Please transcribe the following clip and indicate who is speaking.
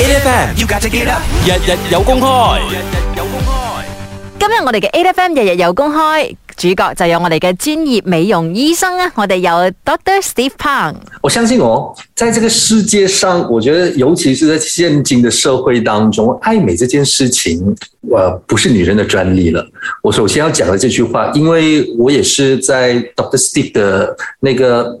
Speaker 1: A F M 要架隻機啦，日日有公開，今日我哋嘅 A F M 日日有公開，主角就有我哋嘅專業美容醫生啊，我哋有 Dr. Steve Pang。我相信哦，在這個世界上，我覺得尤其是在現今的社會當中，愛美這件事情，呃，不是女人的專利了。我首先要講的這句話，因為我也是在 Dr. Steve 的那個。